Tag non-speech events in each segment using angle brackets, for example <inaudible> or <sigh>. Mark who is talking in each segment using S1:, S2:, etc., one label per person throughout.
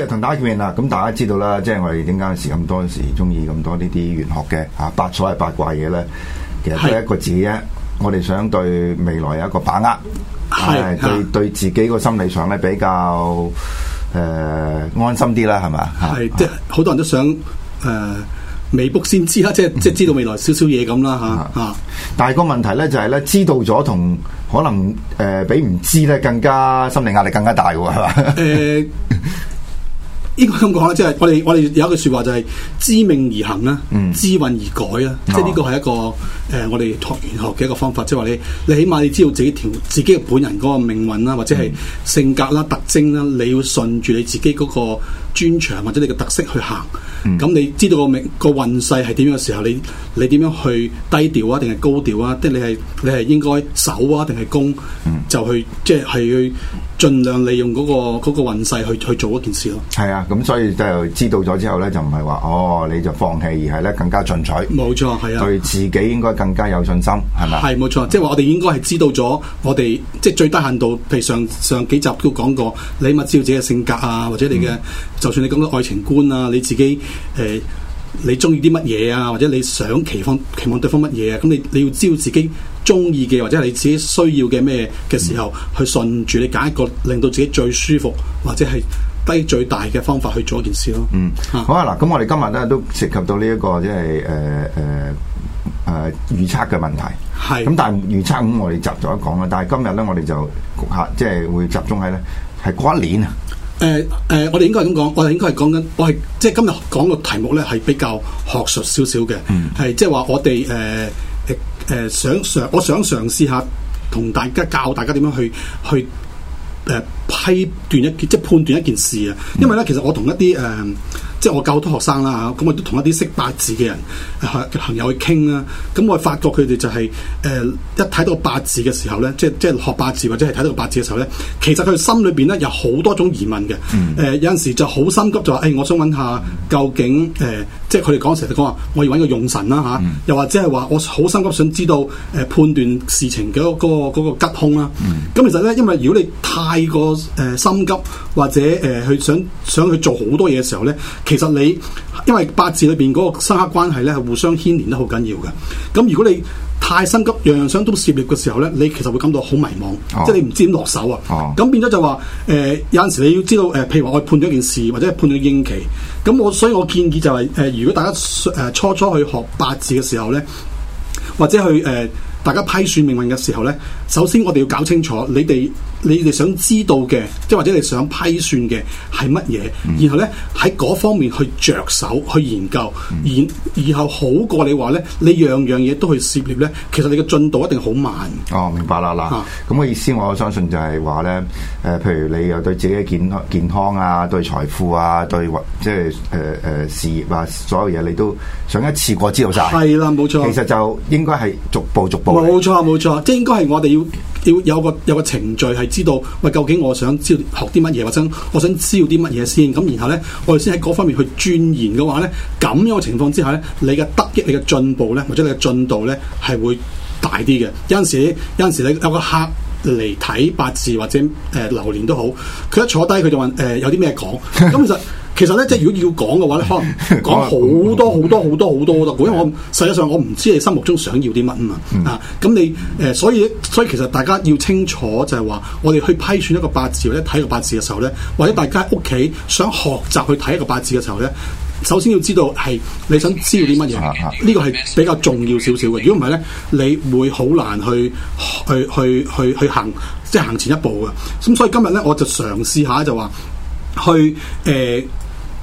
S1: 就同大家見面啦，咁大家知道啦，即係我哋點解有時咁多時中意咁多呢啲玄學嘅啊，八彩八卦嘢咧，其實都係一個字啫。是我哋想對未來有一個把握，
S2: 係是、啊、對
S1: 對自己個心理上咧比較誒、呃、安心啲啦，係咪？係即係好多人都想誒，未、呃、卜先知啦，即係即係知道未來少少嘢咁啦，吓吓。但係個問題咧就係咧，知道咗同可能誒、呃、比唔知咧更
S2: 加心理壓力更加大喎，係嘛？誒、嗯。 <laughs> 呢個咁講咧，即係我哋我哋有一句說話就係：「知命而行啦，嗯，知運而改啦。哦，即係呢個係一個誒，呃，我哋學玄學嘅一個方法，即係話你你起碼你知道自己條自己嘅本人嗰個命運啦，或者係性格啦、特徵啦，你要順住你自己嗰個，專長或者你嘅特色去行，咁、嗯、你知道個命個運勢係點樣嘅時候，你你點樣去低調啊，定係高調啊？即係你係你係應該守啊，定係攻？嗯、就去即係、即係、去盡量利用嗰、嗰個嗰、嗰個運勢去去做一件事咯。係啊，咁所以就知
S1: 道咗之後咧，就唔係話哦，你就放棄，而係咧更加進取。冇錯，係啊，對自己應該更加有信心，係咪啊？係
S2: 冇錯，嗯、即係話我哋應該係知道咗我哋即係最低限度，譬如上上，上幾集都講過，你物照自己嘅性格啊，或者你嘅。嗯就算你講個愛情觀啊，你自己誒、呃，你中意啲乜嘢啊，或者你想期望期望對方乜嘢啊？咁你你要知道自己中意嘅，或者你自己需要嘅咩嘅時候，嗯、去順住你揀一個令到自己最舒服，或者係低最大嘅方法去做一件事咯。嗯，
S1: 啊好啊嗱，咁我哋今日咧都涉及到呢、這、一個即係誒誒誒預測嘅問題。係是。咁但係預測咁，我哋集咗一講啦。但係今日咧，我哋就下即
S2: 係會集中喺咧係嗰一年啊。誒誒、呃呃，我哋應該係咁講，我哋應該係講緊，我係即係今日講個題目咧，係比較學術少少嘅，係、嗯、即係話我哋誒誒誒想嘗，我想嘗試下同大家教大家點樣去去誒、呃、批斷一件，即係判斷一件事啊，因為咧其實我同一啲誒。呃即係我教好多學生啦嚇，咁我都同一啲識八字嘅人，朋、呃、友去傾啦。咁、啊、我發覺佢哋就係、是、誒、呃、一睇到八字嘅時候咧，即係即係學八字或者係睇到八字嘅時候咧，其實佢哋心裏邊咧有好多種疑問嘅。誒、呃、有陣時就好心急就話，誒、哎、我想揾下究竟誒。呃即係佢哋講成日講話，我要搵個用神啦、啊、嚇、啊，又或者係話我好心急，想知道誒、呃、判斷事情嘅、嗰個嗰、嗰個嗰個吉凶啦、啊。咁、嗯、其實咧，因為如果你太過誒、呃、心急，或者誒去、呃、想想去做好多嘢嘅時候咧，其實你因為八字裏邊嗰個生剋關係咧係互相牽連得好緊要嘅。咁如果你太心急，樣樣想都涉獵嘅時候咧，你其實會感到好迷茫，oh. 即係你唔知點落手啊。咁、oh. 變咗就話，誒、呃、有陣時你要知道，誒、呃、譬如話我判咗件事，或者判咗應期。咁我所以我建議就係、是，誒、呃、如果大家誒、呃、初初去學八字嘅時候咧，或者去誒、呃、大家批算命運嘅時候咧，首先我哋要搞清楚你哋。你哋想知道嘅，即係或者你想批算嘅係乜嘢？嗯、然後咧喺嗰方面去着手去研究，然然、嗯、後好過你話咧，你樣樣嘢都去涉獵咧。其實你嘅進度一定好慢。
S1: 哦，明白啦，嗱、啊，咁嘅意思，我相信就係話咧，誒、呃，譬如你又對自己嘅健康、健康啊，對財富啊，對或即係誒誒事業啊，所有嘢你都想一次過知道晒。係
S2: 啦，冇錯。其實
S1: 就應該係逐步逐步。
S2: 冇錯，冇錯，即係應該係我哋要。要有個有個程序係知道，喂，究竟我想知道學啲乜嘢，或者我想知道啲乜嘢先，咁然後咧，我哋先喺嗰方面去鑽研嘅話咧，咁樣嘅情況之下咧，你嘅得益、你嘅進步咧，或者你嘅進度咧，係會大啲嘅。有陣時，有陣時你有個客嚟睇八字或者誒流年都好，佢一坐低，佢就話誒、呃、有啲咩講，咁、嗯、其實。 <laughs> 其實咧，即係如果要講嘅話咧，可能講好多好 <laughs> 多好多好多好多，因為我實際上我唔知你心目中想要啲乜嘛啊！咁你誒、呃，所以所以其實大家要清楚就係話，我哋去批選一個八字或者睇個八字嘅時候咧，或者大家屋企想學習去睇一個八字嘅時候咧，首先要知道係你想知道啲乜嘢，呢 <noise> 個係比較重要少少嘅。如果唔係咧，你會好難去去去去去行，即係行前一步嘅。咁、啊、所以今日咧，我就嘗試下就話去誒。呃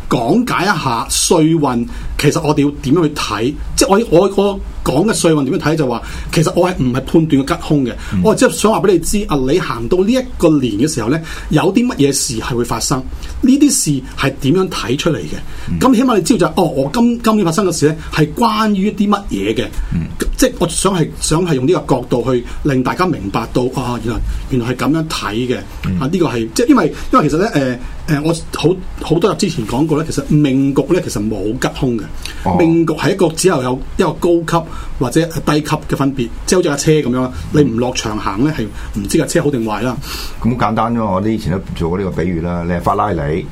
S2: 講解一下歲運。其實我哋要點樣去睇？即係我我我講嘅歲運點樣睇？就話其實我係唔係判斷個吉凶嘅？嗯、我即係想話俾你知啊！你行到呢一個年嘅時候咧，有啲乜嘢事係會發生？呢啲事係點樣睇出嚟嘅？咁、嗯、起碼你知道就係、是、哦，我今今年發生嘅事咧，係關於啲乜嘢嘅？嗯、即係我想係想係用呢個角度去令大家明白到啊、哦，原來原來係咁樣睇嘅、嗯、啊！呢、呢個係即係因為因為其實咧誒誒，我好好，好多日之前講過咧，其實命局咧其實冇吉凶嘅。命局係一個只有有一個高級或者低級嘅分別，即係好似架車咁樣，你唔落場行咧，係唔知架車好定壞啦。咁、嗯嗯嗯、
S1: 簡單啫、啊，我哋以前都做過呢個比喻啦。你係法拉利，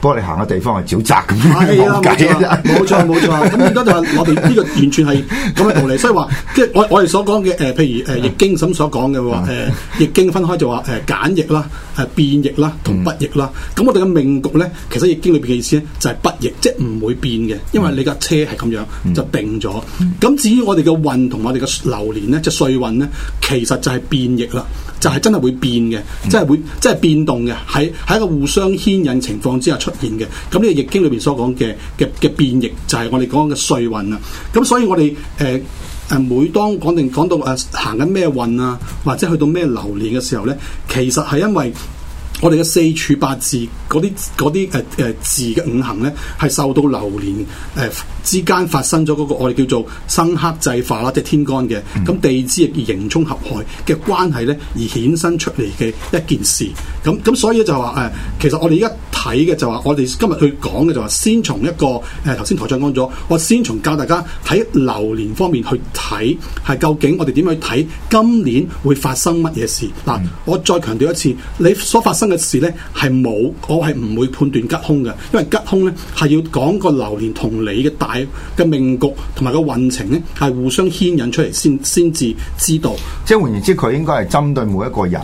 S1: 不過、嗯、你行嘅地方係沼澤咁樣，冇計啊！冇錯冇錯，
S2: 咁而家就係啊！我哋呢個完全係咁嘅道理，所以話即係我我哋所講嘅誒，譬如誒易經咁所講嘅話，誒易經分開就話誒簡易啦，係變易啦，同不易啦。咁我哋嘅命局咧，其實易經裏邊嘅意思咧，就係、是、不易，即係唔會變嘅，因為你架車係咁樣、嗯、就定咗，咁、嗯、至於我哋嘅運同我哋嘅流年咧，就歲運咧，其實就係變易啦，就係、是、真係會變嘅，即係、嗯、會，即、就、係、是、變動嘅，喺喺一個互相牽引情況之下出現嘅。咁呢個易經裏邊所講嘅嘅嘅變易，就係我哋講嘅歲運啦。咁所以我哋誒誒，每當講定講到誒、啊、行緊咩運啊，或者去到咩流年嘅時候咧，其實係因為。我哋嘅四柱八字嗰啲啲誒誒字嘅五行咧，係受到流年誒之間發生咗嗰、嗰個我哋叫做生克制化啦、啊，即係天干嘅咁地支亦叫刑沖合害嘅關係咧，而衍生出嚟嘅一件事。咁咁所以就話誒、呃，其實我哋而家睇嘅就話、是，我哋今日去講嘅就話，先從一個誒頭先台長講咗，我先從教大家喺流年方面去睇，係究竟我哋點樣去睇今年會發生乜嘢事嗱？嗯、我再強調一次，你所發生嘅事咧，係冇，我係唔會判斷吉凶嘅。因為吉凶咧，係要講個流年同你嘅大嘅命局同埋個運程咧，係互相牽引出嚟，先先至知道。即係換言之，佢應該係針對每一個人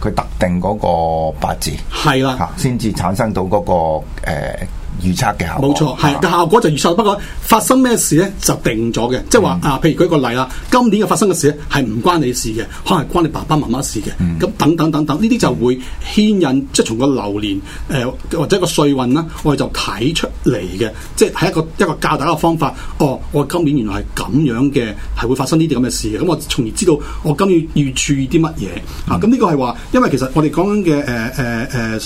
S2: 佢特定
S1: 嗰個八字係啦，先至的、啊、產生到嗰、嗰個誒。欸預測嘅冇
S2: 錯，係嘅效，效果就預測。啊、不過發生咩事咧，就定咗嘅。即係話啊，譬如舉個例啦，今年嘅發生嘅事咧，係唔關你的事嘅，可能係關你爸爸媽媽事嘅。咁、嗯、等等等等，呢啲就會牽引，嗯、即係從個流年誒、呃、或者個歲運啦，我哋就睇出嚟嘅。即係係一個一個教大家嘅方法。哦，我今年原來係咁樣嘅，係會發生呢啲咁嘅事嘅。咁、嗯嗯、我從而知道我今年要注意啲乜嘢啊？咁呢個係話，因為其實我哋講緊嘅誒誒誒。呃呃呃呃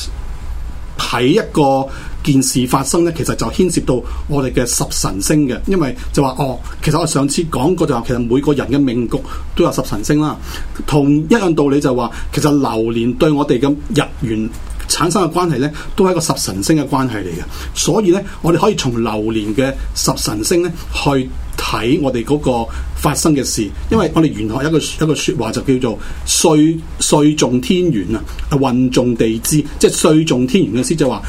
S2: 睇一個件事發生呢，其實就牽涉到我哋嘅十神星嘅，因為就話哦，其實我上次講過就話其實每個人嘅命局都有十神星啦。同一樣道理就話，其實流年對我哋嘅日元產生嘅關係呢，都係一個十神星嘅關係嚟嘅。所以呢，我哋可以從流年嘅十神星呢，去睇我哋嗰個發生嘅事，因為我哋玄學有一句一句説話就叫做歲歲重天元啊，運重地支，即係歲重天元嘅意思就話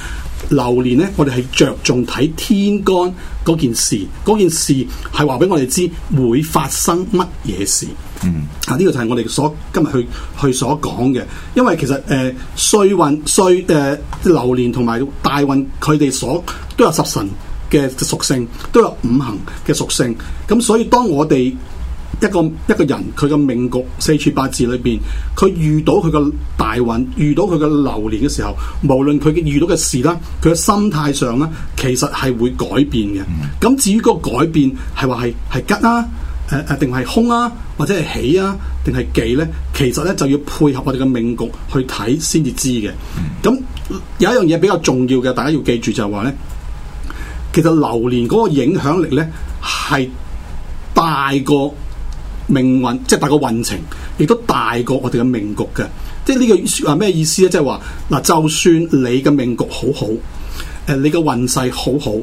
S2: 流年呢，我哋係着重睇天干嗰件事，嗰件事係話俾我哋知會發生乜嘢事。嗯，啊呢個就係我哋所今日去去所講嘅，因為其實誒、呃、歲運、歲誒流年同埋大運，佢哋所都有十神，嘅屬性都有五行嘅屬性，咁所以當我哋一個一個人佢嘅命局四柱八字裏邊，佢遇到佢嘅大運，遇到佢嘅流年嘅時候，無論佢嘅遇到嘅事啦，佢嘅心態上咧，其實係會改變嘅。咁、嗯、至於個改變係話係係吉啊，誒、呃、誒，定係凶啊，或者係喜啊，定係忌咧，其實咧就要配合我哋嘅命局去睇先至知嘅。咁、嗯、有一樣嘢比較重要嘅，大家要記住就係話咧。其實流年嗰個影響力咧係大過命運，即係大過運程，亦都大過我哋嘅命局嘅。即係呢句說話咩意思咧？即係話嗱，就算你嘅命局好好，誒、呃，你嘅運勢好好，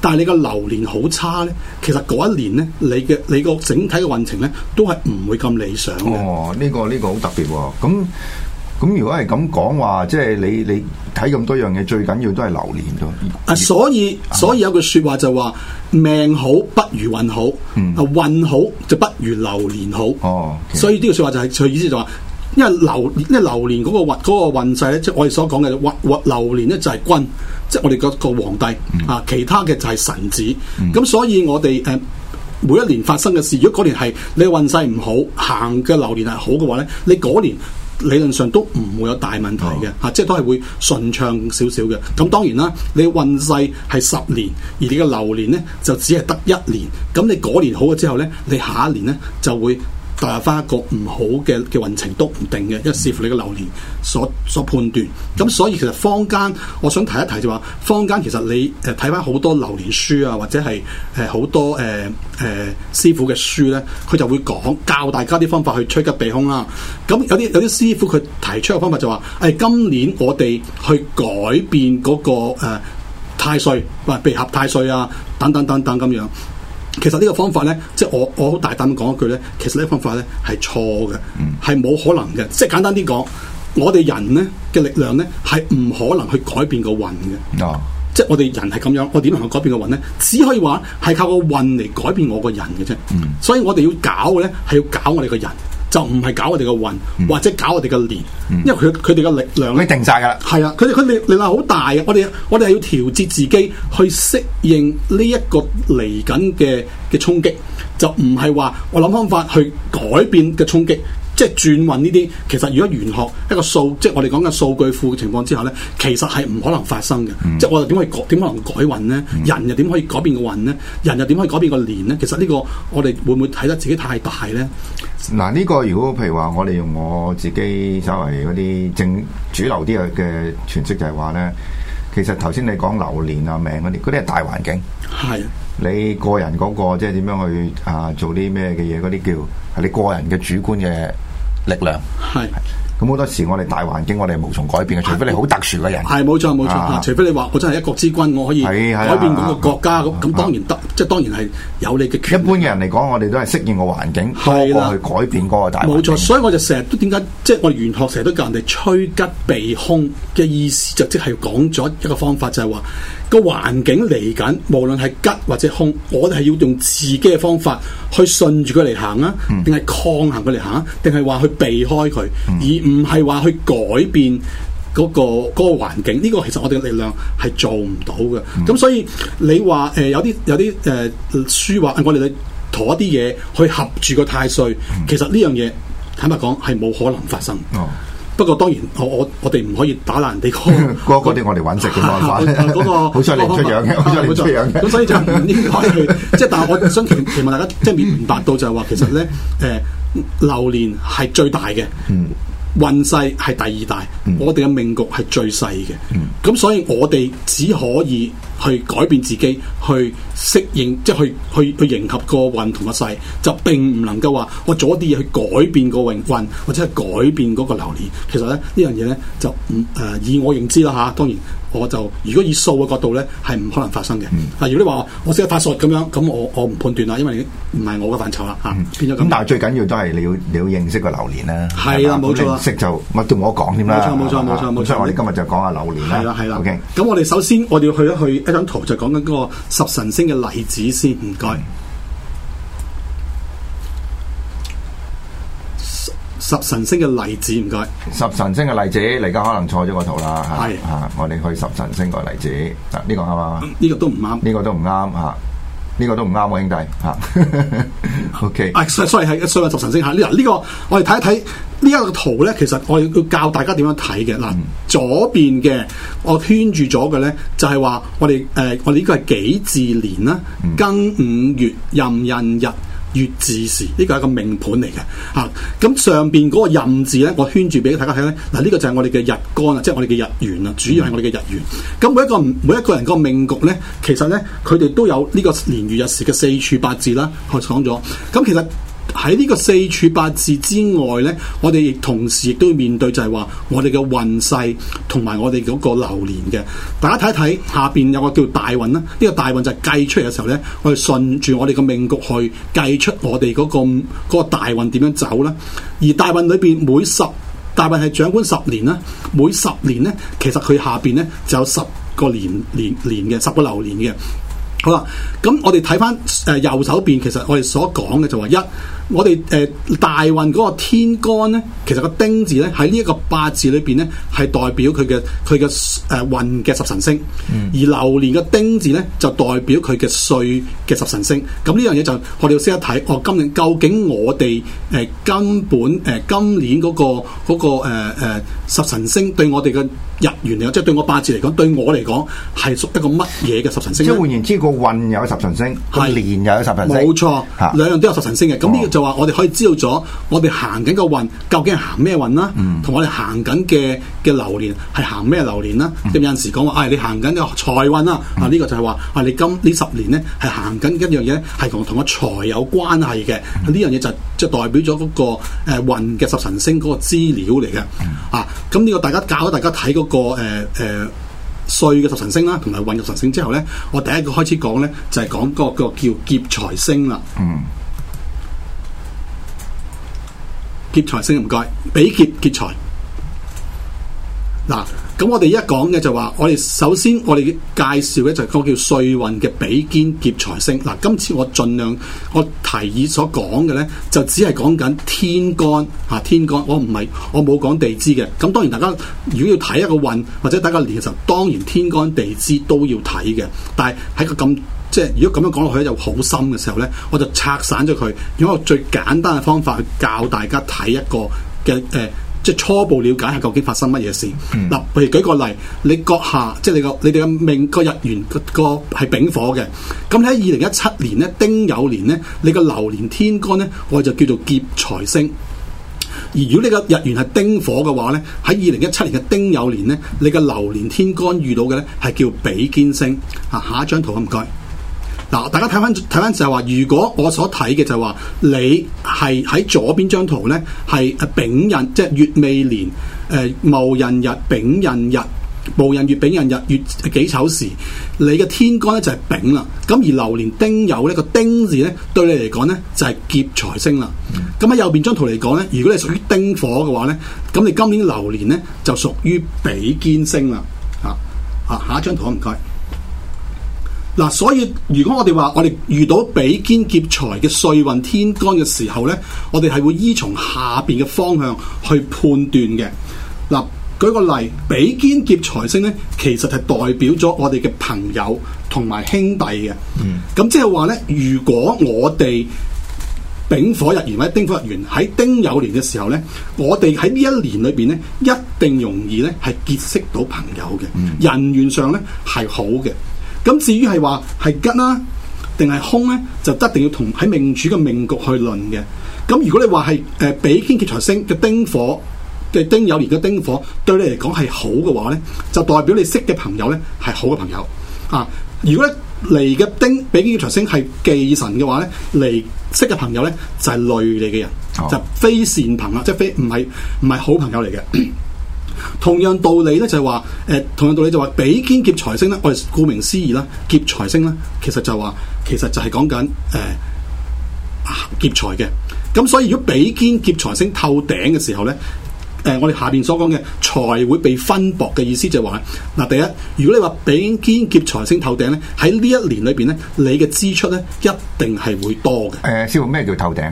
S2: 但係你嘅流年好差咧，其實嗰一年咧，你嘅你個整體嘅運程咧，都係唔會咁理想嘅。哦，呢、呢個呢、呢個好特別喎、哦，咁。咁如果係咁講話，即、就、係、是、你你睇咁多樣嘢，最緊要都係流年咯。啊，所以所以有句説話就話命好不如運好，啊、嗯、運好就不如流年好。哦，okay. 所以呢句説話就係、是，就意思就話、是，因為流年，呢流年嗰個運嗰個運勢咧，即係我哋所講嘅運運流年咧，就係君，即係我哋個皇帝啊。嗯、其他嘅就係臣子。咁、嗯、所以我哋誒每一年發生嘅事，如果嗰年係你運勢唔好，行嘅流年係好嘅話咧，你嗰年。理論上都唔會有大問題嘅，嚇，oh. 即係都係會順暢少少嘅。咁當然啦，你運勢係十年，而你嘅流年呢就只係得一年。咁你嗰年好咗之後呢，你下一年呢就會。大翻一個唔好嘅嘅運程都唔定嘅，因為視乎你嘅流年所所判斷。咁所以其實坊間，我想提一提就話、是，坊間其實你誒睇翻好多流年書啊，或者係誒好多誒誒、呃呃、師傅嘅書咧，佢就會講教大家啲方法去趨吉避凶啦、啊。咁有啲有啲師傅佢提出嘅方法就話：誒、呃、今年我哋去改變嗰、那個、呃、太歲，唔係避合太歲啊，等等等等咁樣。其實呢個方法咧，即係我我好大膽咁講一句咧，其實呢個方法咧係錯嘅，嗯、係冇可能嘅。即係簡單啲講，我哋人咧嘅力量咧係唔可能去改變個運嘅。哦、即係我哋人係咁樣，我點能夠改變個運咧？只可以話係靠個運嚟改變我個人嘅啫。嗯、所以我哋要搞嘅咧係要搞我哋個人。就唔係搞我哋嘅運，嗯、或者搞我哋嘅年，嗯、因為佢佢哋嘅力量已經定曬噶喇。係啊，佢哋佢哋力量好大嘅。我哋我哋係要調節自己，去適應呢一個嚟緊嘅嘅衝擊。就唔係話我諗方法去改變嘅衝擊，即係轉運呢啲。其實如果玄學一個數，即係我哋講嘅數據庫嘅情況之下咧，其實係唔可能發生嘅。即係、嗯、我哋點可以改點可能改運咧？嗯、人又點可以改變個運咧？人又點可以改變個年咧？其實呢個我哋會唔會睇得自己太大咧？嗱呢個如果譬如話，我哋用我自己稍微嗰啲正
S1: 主流啲嘅嘅詮釋就係話咧，其實頭先你講流年啊命嗰啲，嗰啲係大環境。係是。你個人嗰、嗰個即係點樣去啊做啲咩嘅嘢？嗰啲叫係你個人嘅主觀嘅力量。係是。咁好多時，我哋大環境，我哋係無從
S2: 改變嘅，除非你好特殊嘅人。係冇錯冇錯啊！錯錯啊，除非你話我真係一國之君，我可以改變嗰個國家咁，咁、啊啊啊、當然得，啊啊、即係當然係有你嘅。一般嘅人嚟講，我哋都係適應個環境，冇去改變嗰個大環境。冇、啊、錯，所以我就成日都點解，即係、就是、我玄學成日都教人哋趨吉避凶嘅意思，就即、是、係講咗一個方法，就係話個環境嚟緊，無論係吉或者凶，我哋係要用自己嘅方法去順住佢嚟行啊，定係抗衡佢嚟行，啊，定係話去避開佢而。嗯唔係話去改變嗰個嗰個環境，呢個其實我哋嘅力量係做唔到嘅。咁所以你話誒有啲有啲誒書話我哋攞啲嘢去合住個太歲，其實呢樣嘢坦白講係冇可能發生。不過當然我我我哋唔可以打爛人哋個嗰啲我哋搵食嘅辦法。嗰個好犀利，出樣，好犀利。出樣。咁所以就唔應該，即係但我想期期望大家即係明白到就係話，其實咧誒流年係最大嘅。運勢係第二大，嗯、我哋嘅命局係最細嘅，咁、嗯、所以我哋只可以去改變自己，去適應，即係去去去，去迎合個運同個勢，就並唔能夠話我做一啲嘢去改變個運運，或者係改變嗰個流年。其實咧呢樣嘢咧就唔誒、呃、以我認知啦吓，當然。我就如果以數嘅角度咧，係唔可能發生嘅。啊，如果你話我識得發數咁樣，咁我我唔判斷啦，因為唔係我嘅範疇啦嚇。變咗咁，但係最緊要都係你要你要認識個流年啦。係啦，冇錯啦。識
S1: 就乜都冇得講添啦。冇錯冇錯冇錯冇錯。所以我哋今
S2: 日就講下流年啦。係啦係啦。OK。咁我哋首先我哋要去一去一張圖，就講緊嗰個十神星嘅例子先。唔該。十神星嘅例子，唔該。十神星嘅例子你而家可
S1: 能錯咗個圖啦。係啊，嗯、我哋去十神星個例子。嗱，呢個啱啊？呢、這個、個都唔啱、啊，呢個
S2: 都唔啱啊？呢個都唔啱，兄弟啊？OK，啊，sorry sorry 係 sorry 十神星吓。呢、啊這個呢、這個，我哋睇一睇呢一個圖咧，其實我哋要教大家點樣睇嘅。嗱、呃，嗯、左邊嘅我圈住咗嘅咧，就係、是、話我哋誒、呃，我哋呢個係幾字年啦，庚午月壬寅日。月字時呢個係一個命盤嚟嘅，吓、啊、咁上邊嗰個任字咧，我圈住俾大家睇咧。嗱、這、呢個就係我哋嘅日干啦，即係我哋嘅日元啦，主要係我哋嘅日元。咁每一個每一個人個命局咧，其實咧佢哋都有呢個年月日時嘅四柱八字啦，我講咗。咁其實。喺呢個四柱八字之外呢，我哋亦同時亦都要面對就係話我哋嘅運勢同埋我哋嗰個流年嘅。大家睇一睇下邊有個叫大運啦，呢個大運就係計出嚟嘅時候呢，我哋順住我哋嘅命局去計出我哋嗰個嗰個大運點樣走啦。而大運裏邊每十大運係掌管十年啦，每十年呢，其實佢下邊呢就有十個年年年嘅十個流年嘅。好啦，咁我哋睇翻誒右手邊，其實我哋所講嘅就話一。我哋誒、呃、大運嗰個天干咧，其實個丁字咧喺呢一個八字裏邊咧，係代表佢嘅佢嘅誒運嘅十神星。而流年嘅丁字咧，就代表佢嘅歲嘅十神星。咁、嗯、呢、嗯、樣嘢就我哋要先一睇，哦，今年究竟我哋誒、呃、根本誒、呃、今年嗰、嗰個嗰、嗰個、呃、十神星對我哋嘅日元嚟，即係對我八字嚟講，對我嚟講係屬一個乜嘢嘅十神星？即係換言之，個運有十神星，個年係有十神星，冇錯，兩樣都有十神星嘅。咁呢個就。話我哋可以知道咗，我哋行緊個運究竟係行咩運啦，同我哋行緊嘅嘅流年係行咩流年啦？咁有陣時講話，啊，你行緊嘅財運啦，啊，呢個就係話，啊，你今呢十年咧係行緊一樣嘢，係同同個財有關係嘅。呢、嗯、樣嘢就即係代表咗嗰、那個誒運嘅十神星嗰個資料嚟嘅。啊，咁呢個大家教大家睇嗰、那個誒誒歲嘅十神星啦，啊，同埋運嘅十神星之後咧，我第一個開始講咧就係講嗰個叫，叫劫財星啦。劫財星唔該，比劫劫財。嗱，咁我哋一講嘅就話，我哋首先我哋介紹嘅就係個叫歲運嘅比肩劫財星。嗱，今次我盡量我提議所講嘅呢，就只係講緊天干啊天干，我唔係我冇講地支嘅。咁當然大家如果要睇一個運或者睇個年時候，其實當然天干地支都要睇嘅。但係喺個咁。即係如果咁樣講落去咧，就好深嘅時候咧，我就拆散咗佢。用一個最簡單嘅方法去教大家睇一個嘅誒、呃，即係初步了解下究竟發生乜嘢事。嗱、嗯，譬如舉個例，你閣下即係你個你哋嘅命個日元個係丙火嘅，咁喺二零一七年咧丁酉年咧，你個流年，流年，流年天干咧，我就叫做劫財星。而如果你個日元係丁火嘅話咧，喺二零一七年嘅丁酉年咧，你嘅流年天干遇到嘅咧係叫比肩星。啊，下一張圖啊，唔該。嗱，大家睇翻睇翻就係話，如果我所睇嘅就係話，你係喺左邊張圖咧，係丙寅，即係月未年，誒戊寅日、丙寅日、戊寅月、丙寅日、月己丑時，你嘅天干咧就係丙啦。咁而流年丁酉呢個丁字咧對你嚟講咧就係劫財星啦。咁喺右邊張圖嚟講咧，如果你屬於丁火嘅話咧，咁你今年流年咧就屬於比肩星啦。啊啊，下一張圖唔該。嗱，所以如果我哋話我哋遇到比肩劫財嘅歲運天干嘅時候呢，我哋係會依從下邊嘅方向去判斷嘅。嗱、啊，舉個例，比肩劫財星呢，其實係代表咗我哋嘅朋友同埋兄弟嘅。嗯，咁即係話呢，如果我哋丙火日元或者丁火日元喺丁酉年嘅時候呢，我哋喺呢一年裏邊呢，一定容易咧係結識到朋友嘅，嗯、人緣上呢係好嘅。咁至於係話係吉啦，定係兇咧，就一定要同喺命主嘅命局去論嘅。咁如果你話係誒比肩劫財星嘅丁火嘅丁友，而嘅丁火對你嚟講係好嘅話咧，就代表你識嘅朋友咧係好嘅朋友啊。如果嚟嘅丁比肩劫財星係忌神嘅話咧，嚟識嘅朋友咧就係、是、累你嘅人，oh. 就非善朋友，即、就、係、是、非唔係唔係好朋友嚟嘅。 <coughs> 同樣道理咧就係話，誒、呃，同樣道理就話比肩劫財星咧，我哋顧名思義啦，劫財星咧，其實就係話，其實就係講緊誒劫財嘅。咁所以如果比肩劫財星透頂嘅時候咧，誒、呃，我哋下邊所講嘅財會被分薄嘅意思就係話，嗱、呃，第一，如果你話比肩劫財星透頂咧，喺呢一年裏邊咧，你嘅支出咧一定係會多嘅。誒、呃，師傅，咩叫透頂？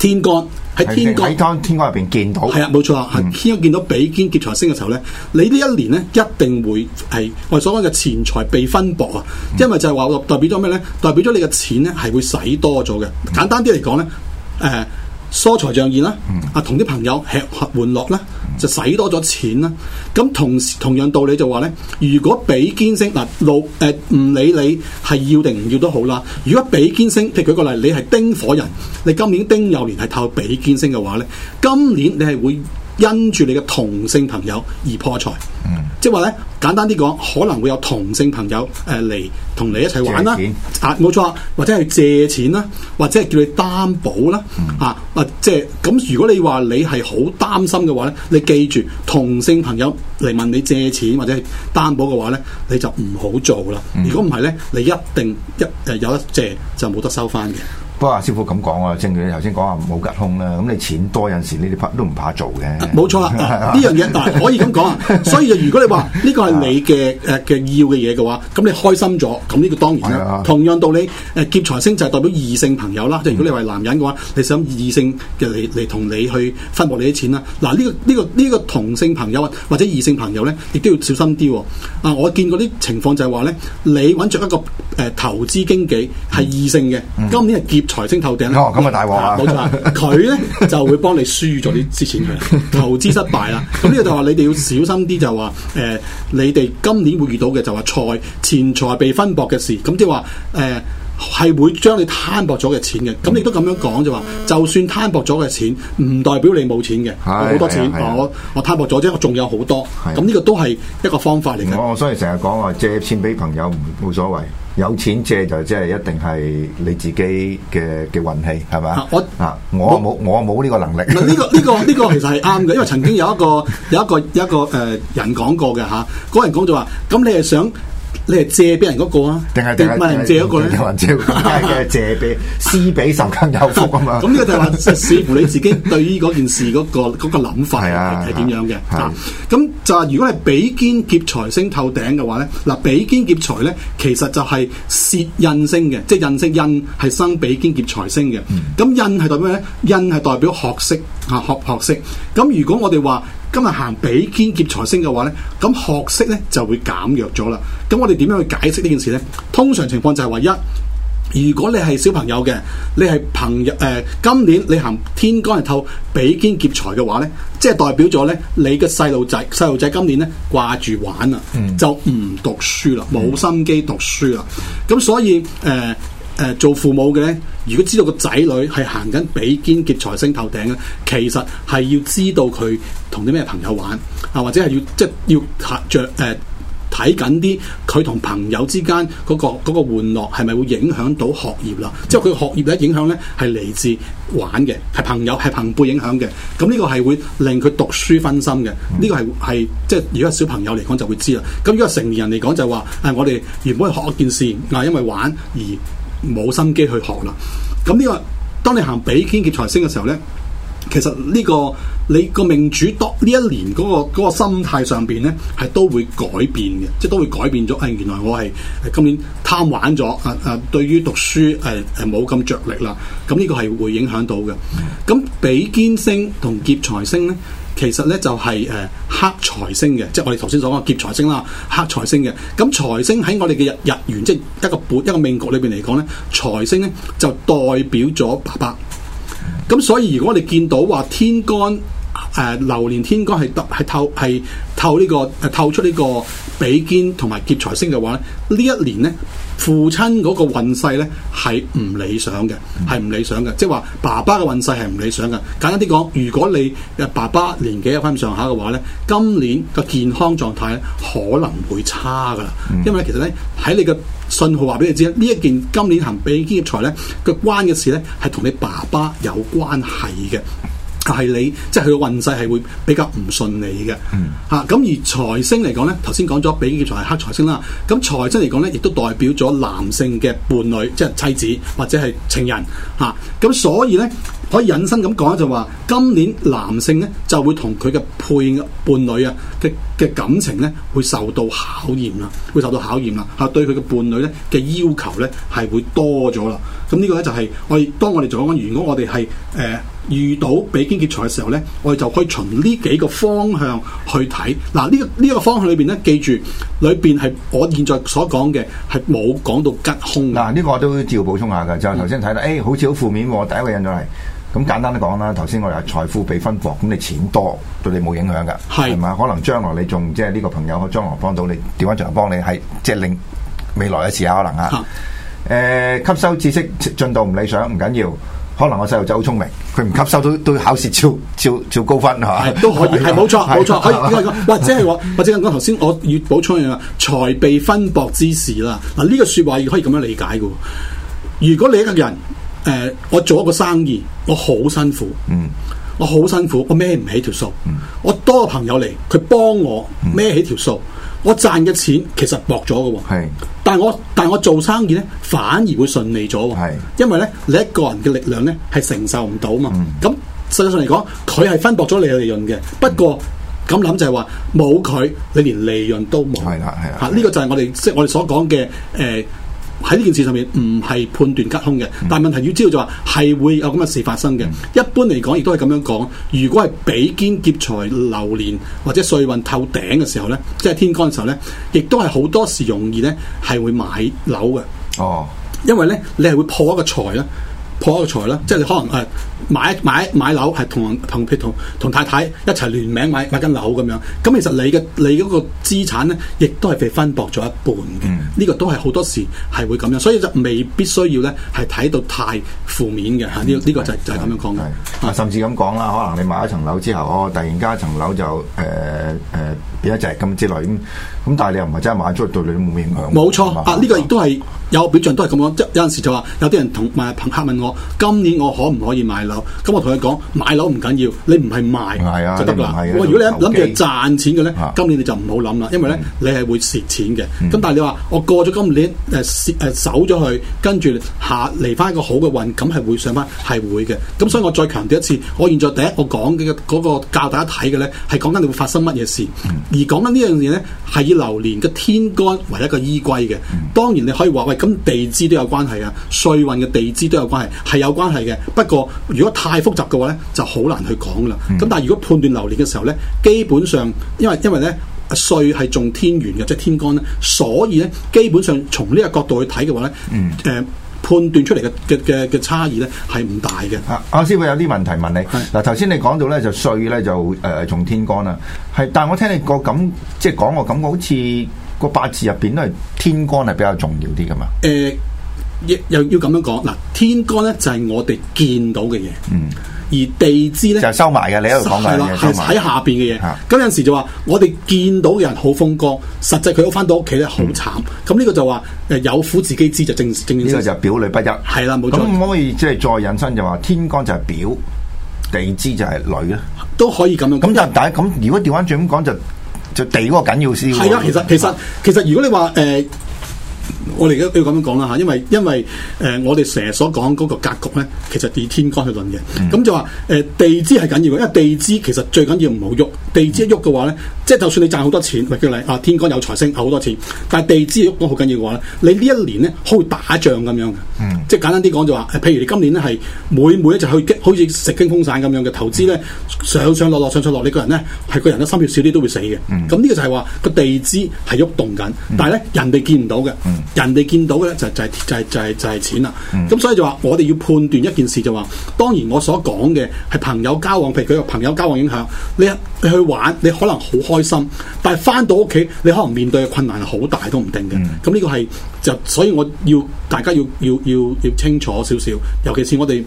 S2: 天干喺天干天干入邊見到係啊，冇錯啊，錯嗯、天干見到比肩劫財星嘅時候咧，你呢一年咧一定會係我哋所謂嘅錢財被分薄啊，嗯、因為就係話代表咗咩咧？代表咗你嘅錢咧係會使多咗嘅。嗯、簡單啲嚟講咧，誒、呃，疏財仗義啦，啊、嗯，同啲朋友吃喝玩樂啦。就使多咗錢啦，咁同時同樣道理就話咧，如果比肩星嗱六誒，唔理你係要定唔要都好啦，如果比肩星，即係舉個例，你係丁火人，你今年丁酉年係透比肩星嘅話咧，今年你係會，因住你嘅同性朋友而破財，嗯、即係話咧簡單啲講，可能會有同性朋友誒嚟同你一齊玩啦、啊，錢啊冇錯，或者係借錢啦、啊，或者係叫你擔保啦、啊，嗯、啊啊即係咁。如果你話你係好擔心嘅話咧，你記住同性朋友嚟問你借錢、嗯、或者係擔保嘅話咧，你就唔好做啦。如果唔係咧，你一定一、呃、有得借就冇得收翻嘅。
S1: 不過啊，師傅咁講啊，正如你頭先講啊，冇吉凶啦。咁
S2: 你錢多有陣時，呢啲都唔怕做嘅。冇錯啦、啊，呢樣嘢可以咁講。所以就如果你話呢個係你嘅誒嘅要嘅嘢嘅話，咁、 <laughs> 呃呃、你開心咗，咁呢個當然啦。哎、呀同樣道理，誒劫財星就係代表異性朋友啦。即、就、係、是、如果你係男人嘅話，嗯、你想異性嘅嚟嚟同你去分攞你啲錢啦。嗱、啊、呢、這個呢、這個呢、這個同性朋友啊，或者異性朋友咧，亦都要小心啲、哦。啊，我見過啲情況就係話咧，你揾着一個誒、呃、投資經紀係異性嘅，今年係劫嗯財星透頂，咁啊、哦、大鑊啊，冇錯，佢咧 <laughs> 就會幫你輸咗啲錢佢，投資失敗啦，咁呢個就話你哋要小心啲，就話誒，你哋今年會遇到嘅就話財錢財被分薄嘅事，咁即係話誒係會將你攤薄咗嘅錢嘅，咁亦都咁樣講就話，就算攤薄咗嘅錢，唔代表你冇錢嘅，好是多錢，我我攤薄咗啫，我仲有好多，咁呢是個都
S1: 係一個方法嚟嘅，我所以成日講話借錢俾朋友唔冇所謂。有錢借就即係一定係你自己嘅嘅運氣係咪？我啊我冇我冇
S2: 呢個能力。嗱、呢、呢個呢、呢個呢、呢個其實係啱嘅，因為曾經有一個 <laughs> 有一個有一個誒、呃、人講過嘅吓，嗰、啊、人講就話，咁你係想？你係借俾人嗰個啊？定係定係借嗰個咧？定係借？但俾施俾受更有福啊嘛！咁呢個就話視乎你自己對於嗰件事嗰、嗰個嗰、嗰個諗法係點 <laughs> 是樣嘅？啊，咁、啊嗯、就係如果係比肩劫財星透頂嘅話咧，嗱比肩劫財咧，其實就係泄印星嘅，即係印識印係生比肩劫財星嘅。咁、嗯、印係代表咩咧？印係代表學識啊，學學識。咁如果我哋話，今日行比肩劫財星嘅話咧，咁學識咧就會減弱咗啦。咁我哋點樣去解釋呢件事呢？通常情況就係、是、話一，如果你係小朋友嘅，你係朋友誒、呃，今年你行天干日透比肩劫財嘅話咧，即係代表咗咧，你嘅細路仔細路仔今年咧掛住玩啊，嗯、就唔讀書啦，冇、嗯、心機讀書啦。咁所以誒誒、呃呃，做父母嘅咧。如果知道個仔女係行緊比肩劫財星頭頂嘅，其實係要知道佢同啲咩朋友玩啊，或者係要即係、就是、要睇著睇、呃、緊啲佢同朋友之間嗰、那個嗰、那個玩樂係咪會影響到學業啦？即係佢學業咧影響咧係嚟自玩嘅，係朋友係朋輩影響嘅。咁呢個係會令佢讀書分心嘅。呢、嗯、個係係即係如果係小朋友嚟講就會知啦。咁如果成年人嚟講就話誒、哎，我哋原本係學一件事，嗱因為玩而。冇心機去學啦，咁呢個當你行比肩劫財星嘅時候咧，其實呢個你個命主度呢一年嗰個嗰個心態上邊咧，係都會改變嘅，即係都會改變咗。唉，原來我係誒今年貪玩咗，啊啊，對於讀書誒誒冇咁着力啦，咁呢個係會影響到嘅。咁比肩星同劫財星咧。其實咧就係誒黑財星嘅，即係我哋頭先所講劫財星啦，黑財星嘅。咁財星喺我哋嘅日日元，即係一個本一個命局裏邊嚟講咧，財星咧就代表咗爸爸。咁所以如果我哋見到話天干誒流年天干係得係透係透呢個誒透出呢個。比肩同埋劫財星嘅話咧，呢一年咧父親嗰個運勢咧係唔理想嘅，係唔理想嘅，即係話爸爸嘅運勢係唔理想嘅。簡單啲講，如果你嘅爸爸年紀有翻咁上下嘅話咧，今年個健康狀態可能會差㗎喇。因為其實咧喺你嘅信號話俾你知，呢一件今年行比肩劫財咧嘅關嘅事咧，係同你爸爸有關係嘅。但係你，即係佢個運勢係會比較唔順利嘅，吓咁、嗯啊、而財星嚟講咧，頭先講咗比劫財係黑財星啦，咁、啊、財星嚟講咧，亦都代表咗男性嘅伴侶，即係妻子或者係情人，吓、啊、咁、啊、所以咧。可以引申咁講，一就話，今年男性咧就會同佢嘅配伴侶啊嘅嘅感情咧會受到考驗啦，會受到考驗啦，嚇，對佢嘅伴侶咧嘅要求咧係會多咗啦。咁、這、呢個咧就係我哋當我哋做緊，如果我哋係誒遇到比肩劫財嘅時候咧，我哋就可以從呢幾個方向去睇。嗱，呢呢個方向裏邊咧，記住裏邊係我現在所講嘅係冇講到吉凶。嗱，
S1: 呢個我都照補充下㗎，就係頭先睇到誒、嗯哎，好似好負面喎，我第一個印象係。咁簡單啲講啦，頭先我哋係財富被分薄，咁你錢多對你冇影響㗎，係嘛？可能將來你仲即係呢個朋友，可能將來幫到你，點樣仲有幫你係即係令未來一次候可能啊？誒，吸收知識進度唔理想唔緊要，可能我細路仔好聰明，佢唔吸收都都要
S2: 考試超超超高分嚇，都可以係冇錯冇錯，可以點解講？哇！即係我，或者係講頭先我要補充一樣啊，財被分薄之事啦。嗱呢個説話亦可以咁樣理解㗎。如果你一個人。誒，我做一個生意，我好辛苦，我好辛苦，我孭唔起條數。我多個朋友嚟，佢幫我孭起條數。我賺嘅錢其實薄咗嘅，但係我但係我做生意咧，反而會順利咗。因為咧，你一個人嘅力量咧係承受唔到啊嘛。咁事實上嚟講，佢係分薄咗你嘅利潤嘅。不過咁諗就係話，冇佢，你連利潤都冇。係啊係啊，呢個就係我哋即係我哋所講嘅誒。喺呢件事上面唔係判斷吉凶嘅，嗯、但問題要知道就話、係、係會有咁嘅事發生嘅。嗯、一般嚟講，亦都係咁樣講。如果係比肩劫財流年或者歲運透頂嘅時候呢，即係天干嘅時候呢，亦都係好多時容易呢係會買樓嘅。哦，因為呢你係會破一個財啦。破個財啦，即係你可能誒、呃、買買買樓係同同同，同，同太太一齊聯名買買間樓咁樣，咁其實你嘅你嗰個資產咧，亦都係被分薄咗一半嘅。呢、嗯、個都係好多時係會咁樣，所以就未必需要咧係睇到太負面嘅嚇。呢、啊、呢、這個嗯、個就是、是就係咁樣講。係是啊，甚至咁
S1: 講啦，可能你買一層樓之後，哦，突然間一層樓就誒誒、呃呃、變咗就係咁之類
S2: 咁，但係你又唔係真
S1: 係買咗，對你都冇影
S2: 響。冇錯，錯啊，呢個亦都係有個表象都係咁講，即有陣時就話有啲人同埋朋客問我。今年我可唔可以買樓？咁我同佢講，買樓唔緊要，你唔係賣就得啦。啊啊、如果你諗住賺錢嘅呢，啊、今年你就唔好諗啦，因為呢，嗯、你係會蝕錢嘅。咁、嗯、但係你話我過咗今年誒誒走咗去，跟住下嚟翻一個好嘅運，咁係會上翻係會嘅。咁所以我再強調一次，我現在第一個講嘅嗰個教大家睇嘅呢，係講緊你會發生乜嘢事。嗯、而講緊呢樣嘢呢，係以流年嘅天干為一個依歸嘅。嗯、當然你可以話喂，咁地支都有關係啊，歲運嘅地支都有關係。係有關係嘅，不過如果太複雜嘅話咧，就好難去講啦。咁、嗯、但係如果判斷流年嘅時候咧，基本上因為因為咧歲係重天元嘅，即、就、係、是、天干咧，所以咧基本上從呢個角度去睇嘅話咧，誒、嗯呃、判斷出嚟嘅嘅嘅嘅差異咧係唔大嘅。阿、啊啊、師傅有啲問題問你，
S1: 嗱頭先你講到咧就歲咧就誒重、呃、天干啦，係但係我聽你個感即係講我感覺，好似個八字入邊都係天干係比較重要啲噶嘛？
S2: 誒、嗯。呃亦又要咁樣講嗱，天干咧就係我哋見到嘅嘢，嗯，而地支咧就收埋嘅，你喺度講緊嘅係啦，喺下邊嘅嘢。咁的有陣時就話，我哋見到嘅人好風光，的實際佢都翻到屋企咧好慘。咁呢、嗯、個就話，誒有苦自己知就正正正呢個就表裏不一係啦，冇錯。咁可
S1: 唔可以即係再引申就話，天干就係表，地支就係裏咧？都可以咁樣。咁就大家咁，如果調翻轉咁講就就地嗰個緊要
S2: 先係啊。其實其實其實，其實如果你話誒。呃嗯我哋而家都要咁樣講啦嚇，因為因為誒、呃、我哋成日所講嗰個格局咧，其實以天干去論嘅。咁、嗯、就話誒、呃、地支係緊要嘅，因為地支其實最緊要唔好喐。地支一喐嘅話咧，即係就算你賺好多錢，或者你啊天干有財星，有好多錢，但係地支喐都好緊要嘅話咧，你呢一年咧好會打仗咁樣嘅。嗯、即係簡單啲講就話，譬如你今年咧係每每一隻去好似食驚風散咁樣嘅投資咧、嗯，上上落落上上落，你個人咧係個人咧心血少啲都會死嘅。咁呢、嗯、個就係話個地支係喐動緊，但係咧人哋見唔到嘅。嗯嗯人哋見到嘅咧就係、就係、係、就係、係、就係、係、就係、係、錢啦，咁所以就話我哋要判斷一件事就話，當然我所講嘅係朋友交往，譬如佢個朋友交往影響你，你去玩你可能好開心，但係翻到屋企你可能面對嘅困難係好大都唔定嘅，咁呢個係，就所以我要大家要要要要清楚少少，尤其是我哋。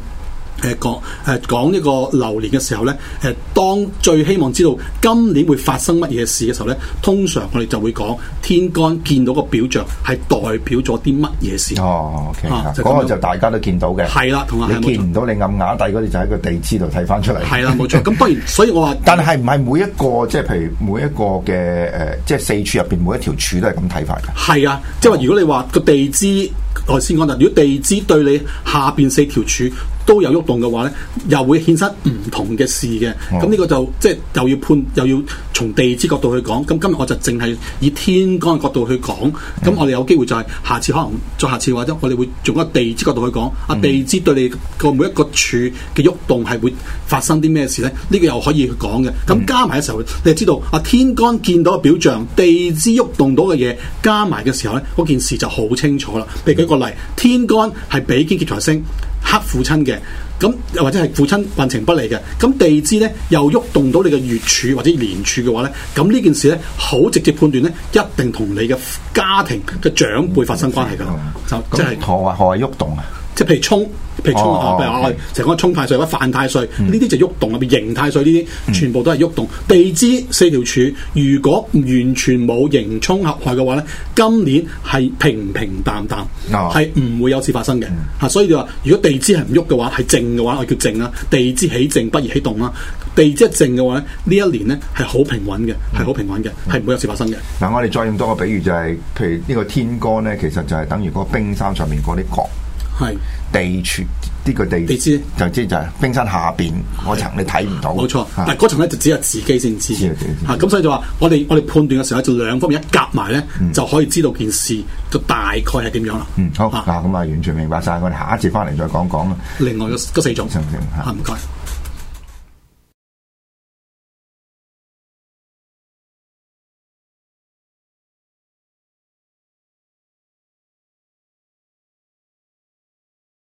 S2: 誒講誒講呢個流年嘅時候咧，誒當最希望知道今年會發生乜嘢事嘅時候咧，通常我哋就會講天干見到個表象係代表咗啲乜嘢事哦。嗰、okay，啊、個就
S1: 大家都見到嘅係啦，同埋你見唔到錯你暗瓦底嗰啲就喺個地支度睇翻出嚟係啦，冇、啊、錯。咁當然， <laughs> 所以我話，但係唔係每一個即係譬如每一個嘅誒，即係四
S2: 柱入邊每一條柱都係咁睇法嘅係啊，即係話如果你話個地支，我先講嗱，如果地支對你下邊四條柱。都有喐動嘅話呢又會顯失唔同嘅事嘅。咁呢、哦、個就即係、就是、又要判，又要從地支角度去講。咁今日我就淨係以天干嘅角度去講。咁、嗯、我哋有機會就係下次可能再下次或者我哋會用一個地支角度去講。啊，地支對你個每一個柱嘅喐動係會發生啲咩事呢？呢、這個又可以去講嘅。咁加埋嘅時候，你就知道啊，天干見到嘅表象，地支喐動到嘅嘢，加埋嘅時候呢，嗰件事就好清楚啦。譬如舉個例，天干係比肩劫財星。黑父親嘅。咁又或者係父親運程不利嘅，咁地支咧又喐動到你嘅月柱或者年柱嘅話咧，咁呢件事咧好直接判斷咧，一定同你嘅家庭嘅長輩發生關係㗎啦，就即係何謂何謂喐動啊，即係譬如沖，譬如沖啊，譬如我哋成講沖太歲或者犯太歲，呢啲就喐動啊，譬如刑太歲呢啲，全部都係喐動。地支四條柱如果完全冇刑沖合害嘅話咧，今年係平平淡淡，係唔會有事發生嘅嚇。所以你話如果地支係唔喐嘅話係靜。嘅話我叫靜啦，地支起靜不如起動啦，地支一靜嘅話咧，呢一年咧係好平穩嘅，係好、嗯、平穩嘅，係唔、嗯、會有事發生嘅。
S1: 嗱、嗯，我哋再用多個比喻就係、是，譬如呢個天干咧，其實就係等於嗰個冰山上面嗰啲角，係是地泉。呢個地地知就知就係冰山下邊嗰層你睇
S2: 唔到，冇錯。但嗰層咧就只有自己先知。嚇咁所以就話我哋我哋判斷嘅時候就兩方面一夾埋咧，就可以知道件事嘅大概係點樣啦。嗯，
S1: 好啊，咁啊完全明白晒。我哋下一次翻嚟再講講啦。另外嗰四種，唔該。